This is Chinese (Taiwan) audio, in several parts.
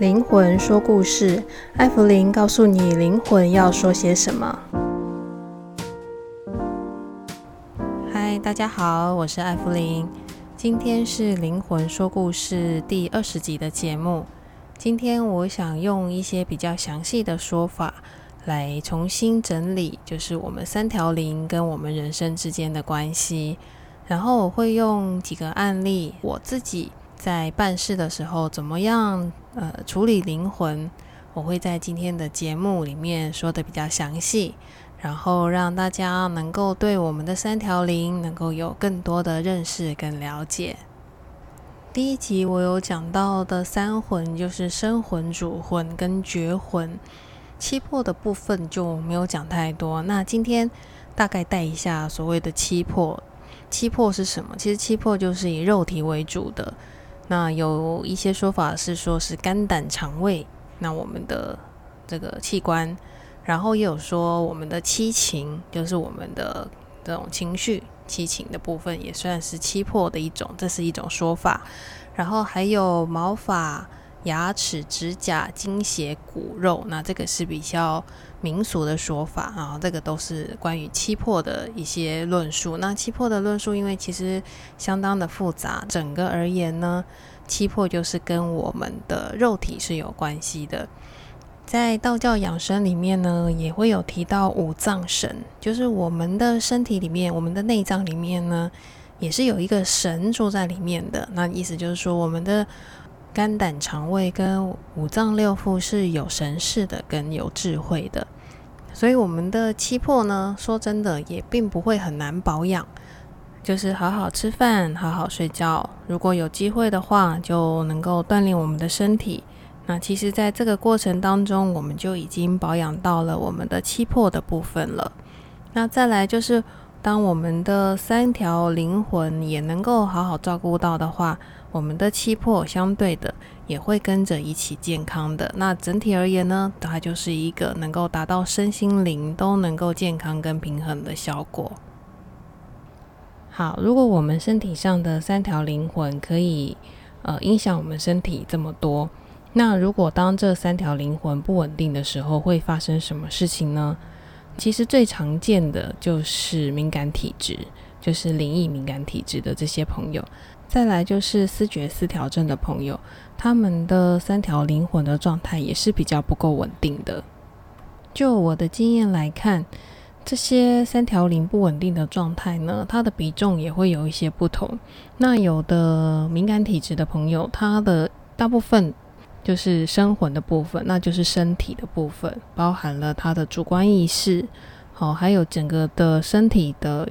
靈魂說故事，艾芙靈告訴你靈魂要說些什麼。嗨，大家好，我是艾芙靈。今天是靈魂說故事第二十集的節目。今天我想用一些比較詳細的說法來重新整理，就是我們三條靈跟我們人生之間的關係。然後我會用幾個案例，我自己。在辦事的時候，怎麼樣？呃，處理靈魂，我會在今天的節目裡面說得比較詳細，然後讓大家能夠對我們的三條靈能夠有更多的認識跟了解。第一集我有講到的三魂，就是生魂、主魂跟覺魂，七魄的部分就沒有講太多。那今天大概帶一下所謂的七魄，七魄是什麼？其實七魄就是以肉體為主的。那有一些說法是說，是肝膽腸胃，那我們的這個器官，然後也有說我們的七情，就是我們的這種情緒，七情的部分也算是七魄的一種，這是一種說法。然後還有毛髮。牙齒、指甲、精血、骨肉，那這個是比較民俗的說法啊。這個都是關於七魄的一些論述。那七魄的論述，因為其實相當的複雜。整個而言呢，七魄就是跟我們的肉體是有關係的。在道教養生裡面呢，也會有提到五臟神，就是我們的身體裡面，我們的內臟裡面呢，也是有一個神住在裡面的。那意思就是說，我們的。肝膽腸胃跟五臟六腑是有神識的，跟有智慧的，所以我們的七魄呢，說真的也並不會很難保養，就是好好吃飯，好好睡覺，如果有機會的話，就能夠鍛鍊我們的身體。那其實在這個過程當中，我們就已經保養到了我們的七魄的部分了。那再來就是，當我們的三條靈魂也能夠好好照顧到的話。我們的氣魄相對的也會跟着一起健康的。那整體而言呢，它就是一個能夠達到身心靈都能夠健康跟平衡的效果。好，如果我們身體上的三條靈魂可以呃影響我們身體這麼多，那如果當這三條靈魂不穩定的時候，會發生什麼事情呢？其實最常見的就是敏感體質，就是靈異敏感體質的這些朋友。再來就是思覺失調症的朋友，他們的三條靈魂的狀態也是比較不夠穩定的。就我的經驗來看，這些三條靈不穩定的狀態呢，它的比重也會有一些不同。那有的敏感體質的朋友，他的大部分就是生魂的部分，那就是身體的部分，包含了他的主觀意識，好、哦，還有整個的身體的。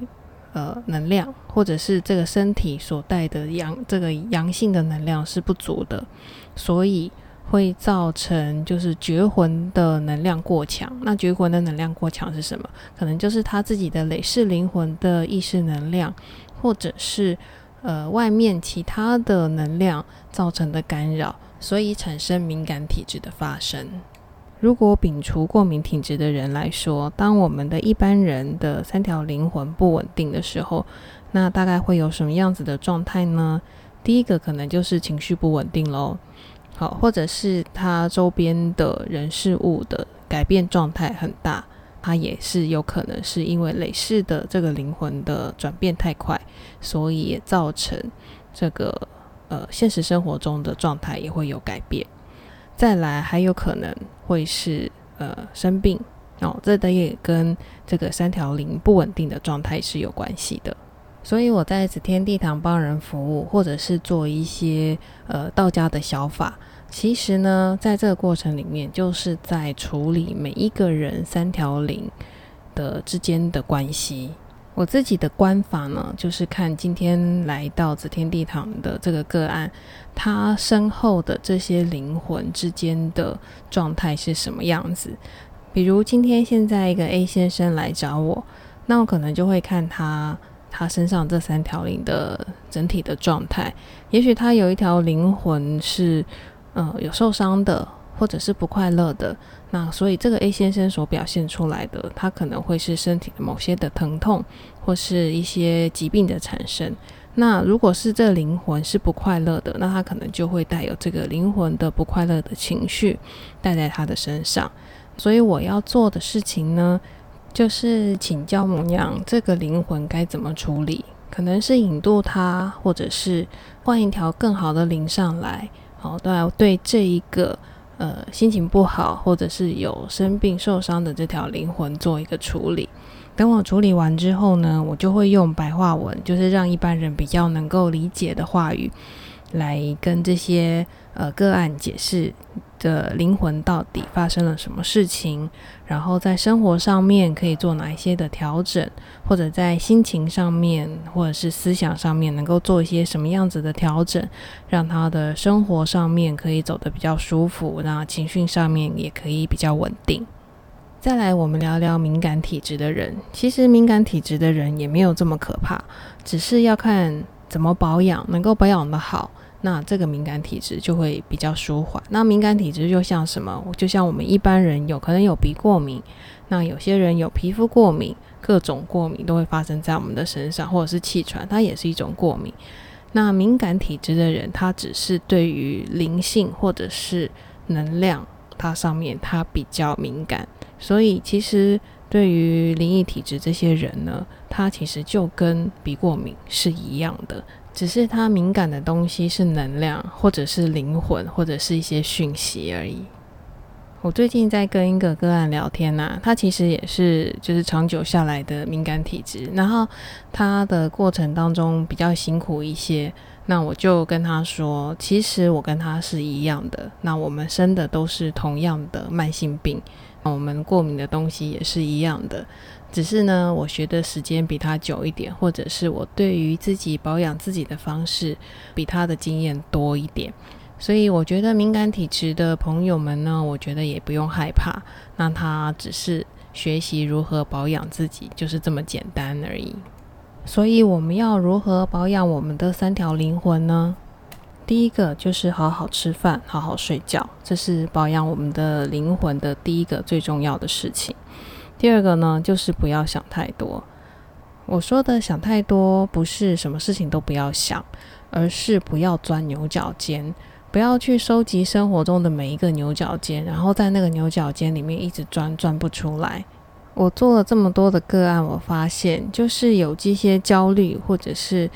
呃，能量或者是這個身體所帶的陽，這個陽性的能量是不足的，所以會造成就是覺魂的能量過強。那覺魂的能量過強是什麼？可能就是他自己的累世靈魂的意識能量，或者是呃外面其他的能量造成的干擾，所以產生敏感體質的發生。如果摒除過敏體質的人來說，當我們的一般人的三條靈魂不穩定的時候，那大概會有什麼樣子的狀態呢？第一個可能就是情緒不穩定嘍，好，或者是他周邊的人事物的改變狀態很大，他也是有可能是因為累世的這個靈魂的轉變太快，所以也造成這個呃現實生活中的狀態也會有改變。再來還有可能會是呃生病哦，這等也跟這個三條靈不穩定的狀態是有關係的。所以我在此天地堂幫人服務，或者是做一些呃道家的小法，其實呢，在這個過程裡面，就是在處理每一個人三條靈的之間的關係。我自己的觀法呢，就是看今天來到紫天地堂的這個個案，他身後的這些靈魂之間的狀態是什麼樣子。比如今天現在一個 A 先生來找我，那我可能就會看他他身上這三條靈的整體的狀態。也許他有一條靈魂是，呃，有受傷的，或者是不快樂的。那所以，這個 A 先生所表現出來的，他可能會是身體的某些的疼痛，或是一些疾病的產生。那如果是這靈魂是不快樂的，那他可能就會帶有這個靈魂的不快樂的情緒帶在他的身上。所以我要做的事情呢，就是請教母娘，這個靈魂該怎麼處理？可能是引渡他，或者是換一條更好的靈上來。好，都要對，對這一個。呃，心情不好，或者是有生病受傷的這條靈魂做一個處理。等我處理完之後呢，我就會用白話文，就是讓一般人比較能夠理解的話語，來跟這些。呃，個案解釋的靈魂到底發生了什麼事情，然後在生活上面可以做哪一些的調整，或者在心情上面，或者是思想上面能夠做一些什麼樣子的調整，讓他的生活上面可以走得比較舒服，那情緒上面也可以比較穩定。再來，我們聊聊敏感體質的人。其實敏感體質的人也沒有這麼可怕，只是要看怎麼保養，能夠保養得好，那這個敏感體質就會比較舒緩。那敏感體質就像什麼？就像我們一般人有可能有鼻過敏，那有些人有皮膚過敏，各種過敏都會發生在我們的身上，或者是氣喘，它也是一種過敏。那敏感體質的人，他只是對於靈性或者是能量，它上面它比較敏感。所以其實對於靈異體質這些人呢，他其實就跟鼻過敏是一樣的。只是他敏感的東西是能量，或者是靈魂，或者是一些訊息而已。我最近在跟一個個案聊天吶啊，他其實也是就是長久下來的敏感體質，然後他的過程當中比較辛苦一些。那我就跟他說，其實我跟他是一樣的，那我們生的都是同樣的慢性病。我們過敏的東西也是一樣的，只是呢，我學的時間比他久一點，或者是我對於自己保養自己的方式比他的經驗多一點，所以我覺得敏感體質的朋友們呢，我覺得也不用害怕，那他只是學習如何保養自己，就是這麼簡單而已。所以我們要如何保養我們的三條靈魂呢？第一個就是好好吃飯，好好睡覺，這是保養我們的靈魂的第一個最重要的事情。第二個呢，就是不要想太多。我說的想太多不是什麼事情都不要想，而是不要鑽牛角尖，不要去收集生活中的每一個牛角尖，然後在那個牛角尖裡面一直鑽，鑽不出來。我做了這麼多的個案，我發現就是有這些焦慮或者是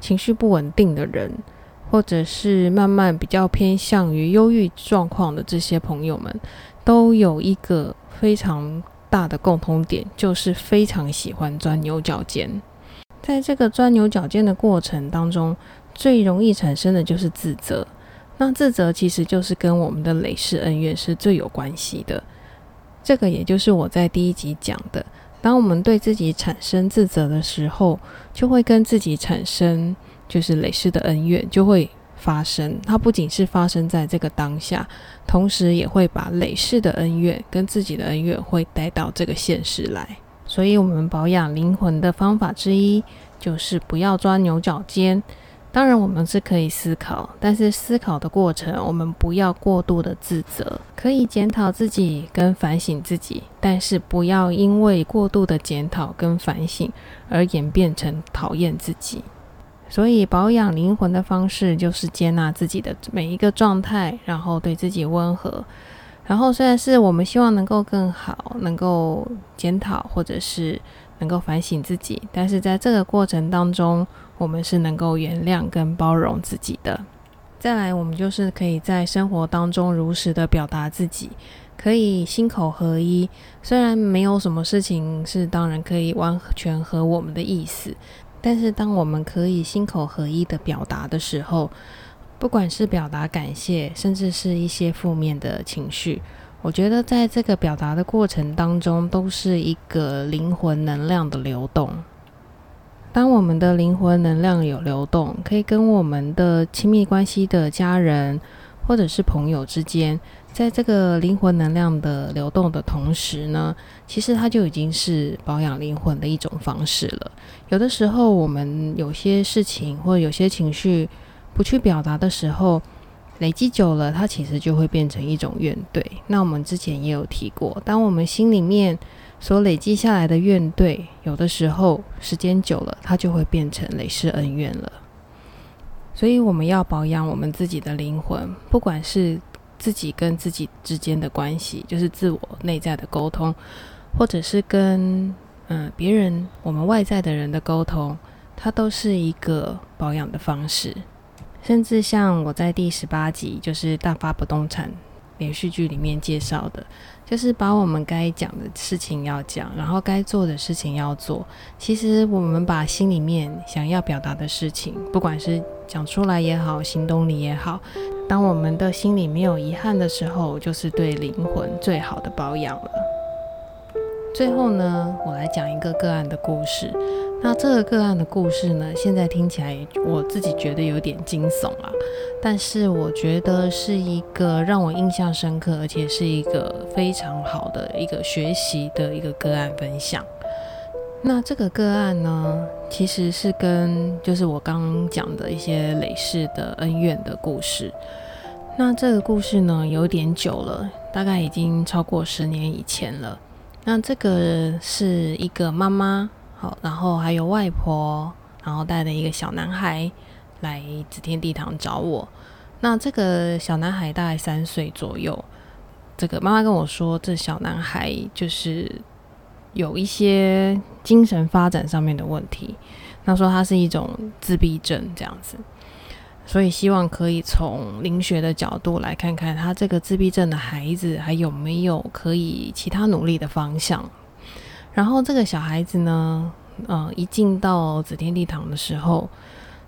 情緒不穩定的人。或者是慢慢比較偏向於憂鬱狀況的這些朋友們，都有一個非常大的共同點，就是非常喜歡鑽牛角尖。在這個鑽牛角尖的過程當中，最容易產生的就是自責。那自責其實就是跟我們的累世恩怨是最有關係的。這個也就是我在第一集講的，當我們對自己產生自責的時候，就會跟自己產生。就是累世的恩怨就會發生，它不僅是發生在這個當下，同時也會把累世的恩怨跟自己的恩怨會帶到這個現實來。所以，我們保養靈魂的方法之一就是不要鑽牛角尖。當然，我們是可以思考，但是思考的過程我們不要過度的自責，可以檢討自己跟反省自己，但是不要因為過度的檢討跟反省而演變成討厭自己。所以，保養靈魂的方式就是接納自己的每一個狀態，然後對自己溫和。然後，雖然是我們希望能夠更好，能夠檢討或者是能夠反省自己，但是在這個過程當中，我們是能夠原諒跟包容自己的。再來，我們就是可以在生活當中如實的表達自己，可以心口合一。雖然沒有什麼事情是當然可以完全合我們的意思。但是，當我們可以心口合一的表達的時候，不管是表達感謝，甚至是一些負面的情緒，我覺得在這個表達的過程當中，都是一個靈魂能量的流動。當我們的靈魂能量有流動，可以跟我們的親密關係的家人或者是朋友之間。在這個靈魂能量的流動的同時呢，其實它就已經是保養靈魂的一種方式了。有的時候，我們有些事情或者有些情緒不去表達的時候，累積久了，它其實就會變成一種怨懟。那我們之前也有提過，當我們心裡面所累積下來的怨懟，有的時候時間久了，它就會變成累世恩怨了。所以，我們要保養我們自己的靈魂，不管是。自己跟自己之間的關係，就是自我內在的溝通，或者是跟嗯、呃、別人，我們外在的人的溝通，它都是一個保養的方式。甚至像我在第十八集，就是大發不動產。連續劇裡面介紹的，就是把我們該講的事情要講，然後該做的事情要做。其實，我們把心裡面想要表達的事情，不管是講出來也好，行動力也好，當我們的心裡沒有遺憾的時候，就是對靈魂最好的保養了。最後呢，我來講一個個案的故事。那這個個案的故事呢，現在聽起來我自己覺得有點驚悚啊，但是我覺得是一個讓我印象深刻，而且是一個非常好的一個學習的一個個案分享。那這個個案呢，其實是跟就是我剛講的一些累世的恩怨的故事。那這個故事呢，有點久了，大概已經超過十年以前了。那這個是一個媽媽。好，然後還有外婆，然後帶着一個小男孩來紫天地堂找我。那這個小男孩大概三歲左右，這個媽媽跟我說，這小男孩就是有一些精神發展上面的問題。那說他是一種自閉症這樣子，所以希望可以從靈學的角度來看看，他這個自閉症的孩子還有沒有可以其他努力的方向。然後這個小孩子呢，嗯，一進到紫天地堂的時候，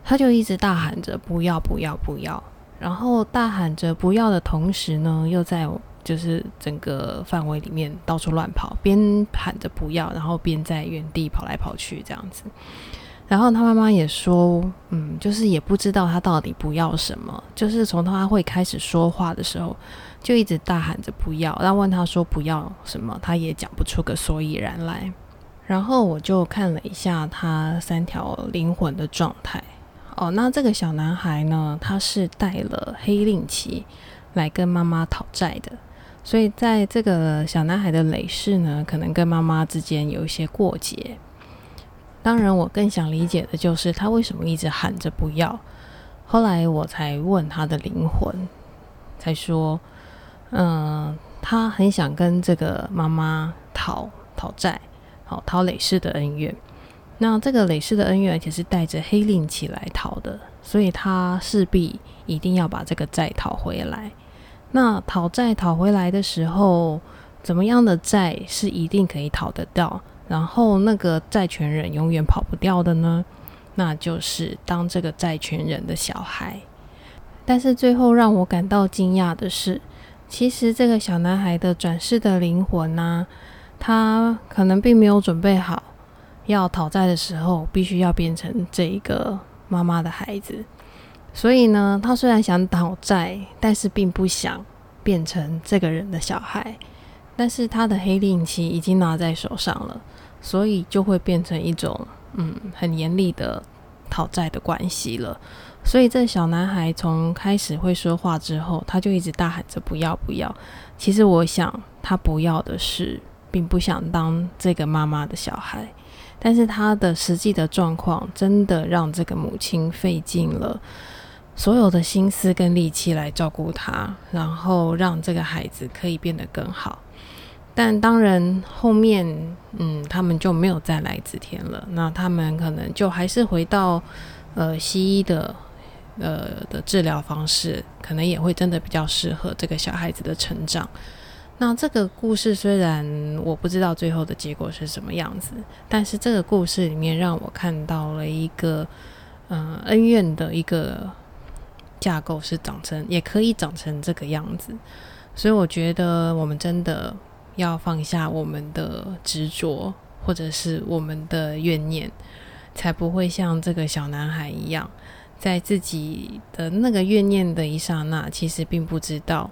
他就一直大喊着“不要，不要，不要”，然後大喊着“不要”的同時呢，又在就是整個範圍裡面到處亂跑，邊喊着“不要”，然後邊在原地跑來跑去這樣子。然後他媽媽也說，嗯，就是也不知道他到底不要什麼，就是從他會開始說話的時候。就一直大喊着不要，但問他說不要什麼，他也講不出個所以然來。然後我就看了一下他三條靈魂的狀態。哦，那這個小男孩呢，他是帶了黑令旗來跟媽媽討債的，所以在這個小男孩的累世呢，可能跟媽媽之間有一些過節。當然，我更想理解的就是他為什麼一直喊着不要。後來我才問他的靈魂，才說。嗯，他很想跟這個媽媽討討債，好討累世的恩怨。那這個累世的恩怨，而且是帶着黑令起來討的，所以他勢必一定要把這個債討回來。那討債討回來的時候，怎麼樣的債是一定可以討得到？然後那個債權人永遠跑不掉的呢？那就是當這個債權人的小孩。但是最後讓我感到驚訝的是。其實這個小男孩的轉世的靈魂呢、啊，他可能並沒有準備好要討債的時候，必須要變成這一個媽媽的孩子。所以呢，他雖然想討債，但是並不想變成這個人的小孩。但是他的黑令旗已經拿在手上了，所以就會變成一種嗯很嚴厲的討債的關係了。所以這小男孩從開始會說話之後，他就一直大喊着“不要，不要”。其實我想，他不要的是，並不想當這個媽媽的小孩。但是他的實際的狀況，真的讓這個母親費盡了所有的心思跟力氣來照顧他，然後讓這個孩子可以變得更好。但當然，後面嗯，他們就沒有再來紫田了。那他們可能就還是回到呃西醫的。呃的治療方式，可能也會真的比較適合這個小孩子的成長。那這個故事雖然我不知道最後的結果是什麼樣子，但是這個故事裡面讓我看到了一個，嗯、呃，恩怨的一個架構是長成，也可以長成這個樣子。所以我覺得我們真的要放下我們的執着，或者是我們的怨念，才不會像這個小男孩一樣。在自己的那個怨念的一剎那，其實並不知道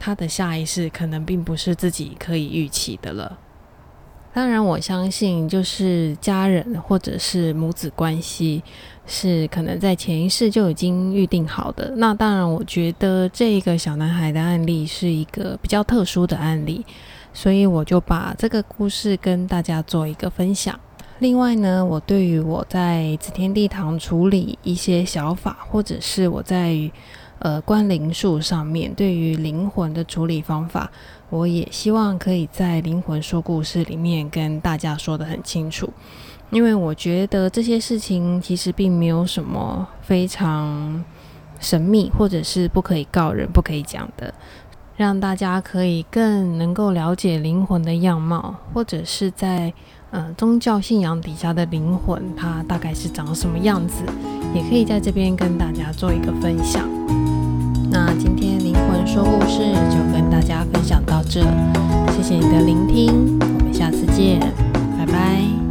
他的下一世可能並不是自己可以預期的了。當然，我相信就是家人或者是母子關係是可能在前一世就已經預定好的。那當然，我覺得這一個小男孩的案例是一個比較特殊的案例，所以我就把這個故事跟大家做一個分享。另外呢，我對於我在紫天地堂處理一些小法，或者是我在呃觀靈術上面對於靈魂的處理方法，我也希望可以在《靈魂說故事》裡面跟大家說得很清楚，因為我覺得這些事情其實並沒有什麼非常神秘，或者是不可以告人、不可以講的，讓大家可以更能夠了解靈魂的樣貌，或者是在。呃，宗教信仰底下的靈魂，它大概是長什麼樣子？也可以在這邊跟大家做一個分享。那今天靈魂說故事就跟大家分享到這，謝謝你的聆聽，我們下次見，拜拜。